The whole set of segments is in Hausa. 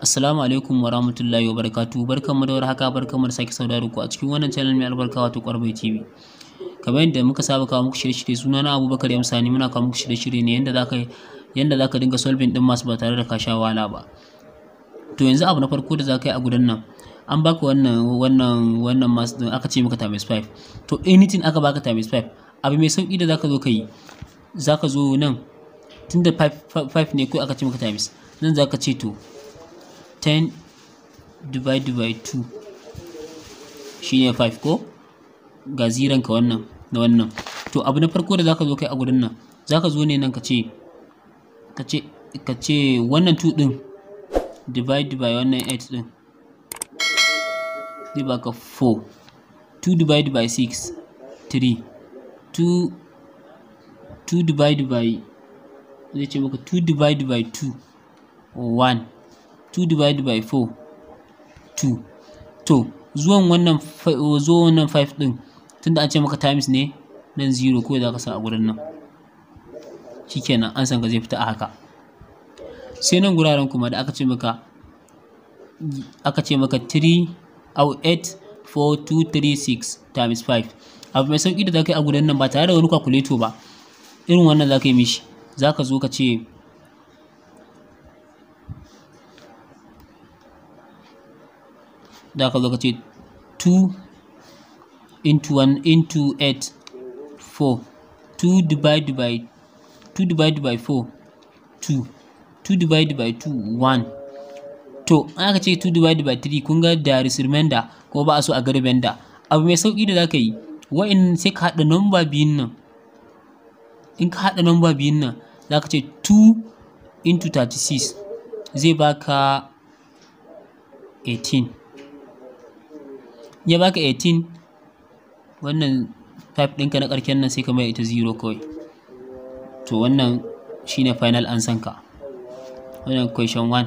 Assalamu alaikum wa rahmatullahi wa barkan mu da barkan mu da sake saudaro ku a cikin wannan channel mai albarka wato Kwarbai TV. Kamar yadda muka saba kawo muku shirye-shirye suna na Abubakar Yamsani muna kawo muku shirye-shirye ne yanda zaka yanda zaka dinga solving din masu ba tare da ka sha wahala ba. To yanzu abu na farko da zaka yi a gudan nan an baka wannan wannan wannan masu din aka ce maka times 5 to anything aka baka times 5 abu mai sauki da zaka zo ka yi zaka zo nan tunda 5 ne ko aka ce maka times nan zaka ce to 10 divided by 2 ne 5 ko ga ziranka wannan na wannan to abu na farko da zaka zo kai a gurin nan zaka zo ne nan ka ce ka ce wannan 2 din divided by wannan 8 din zai baka 4 2 divided by 6 3 2 2 divided by zai ce maka 2 divided by 2 1 2 divided by 4 2 to zuwan wannan zuwan wannan 5 din tunda an ce maka times ne nan 0 ko da ka sa a gurin nan shikenan an san ka zai fita a haka sai nan guraren kuma da aka ce maka aka ce maka 3 out 8 4 2 3 6 times 5 abu mai sauki da za ka yi a gudan nan ba tare da wani calculator ba irin wannan za ka yi mishi za ka zo ka ce da aka zo ka ce 2 into 1 into 8 4 2 divided by 2 divided by 4 2 2 divided by 2 1 to aka ce 2 divided by 3 kun ga da is remainder ko ba a so a ga remainder abu mai sauki da zaka yi wa'in sai ka hada number biyun nan in ka hada number biyun nan zaka ce 2 into 36 zai baka ya baka 18 wannan 5 ɗinka na ƙarshen nan sai ka mai ita 0 kawai to wannan shine final answer ka wannan question 1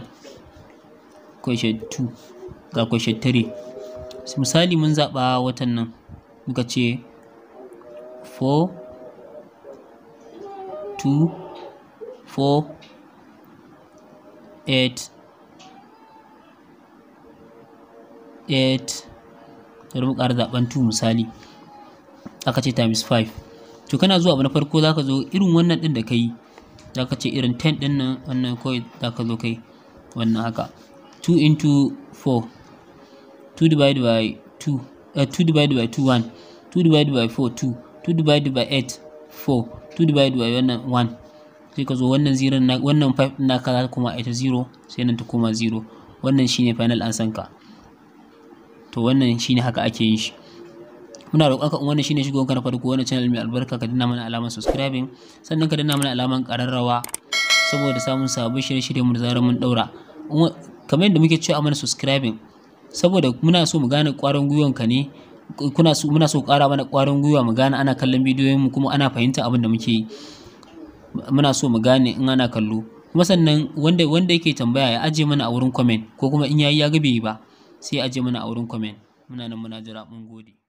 question 2 ga question 3 misali mun zaɓa watan nan muka ce 4 2 4 8 8 sai mu ƙara zaɓen 2 misali aka ce times 5 to kana zuwa abu na farko za ka zo irin wannan ɗin da ka yi za ka ce irin 10 ɗin nan wannan kawai za ka zo kai wannan haka 2 into 4 2 divided by 2 uh, 2 divided by 2 1 2 divided by 4 2 2 divided by 8 4 2 divided by wannan 1 sai ka zo wannan 0 wannan 5 naka za kuma koma 0 sai nan ta koma 0 wannan shine final answer ka to wannan shine haka ake yin shi muna roƙon ka wannan shine shigo ka na farko wannan channel mai albarka ka danna mana alamar subscribing sannan ka danna mana alamar ƙararrawa saboda samun sabon shirye-shirye mu da zarar mun daura kamar yadda muke cewa mana subscribing saboda muna so mu gane ƙwarin gwiwanka ne kuna so muna so ƙara mana ƙwarin gwiwa mu gane ana kallon bidiyoyin mu kuma ana fahimta abin da muke yi muna so mu gane in ana kallo kuma sannan wanda wanda yake tambaya ya aje mana a wurin comment ko kuma in yayi ya ga ba sai a je mana a wurin comment muna nan muna jira mun gode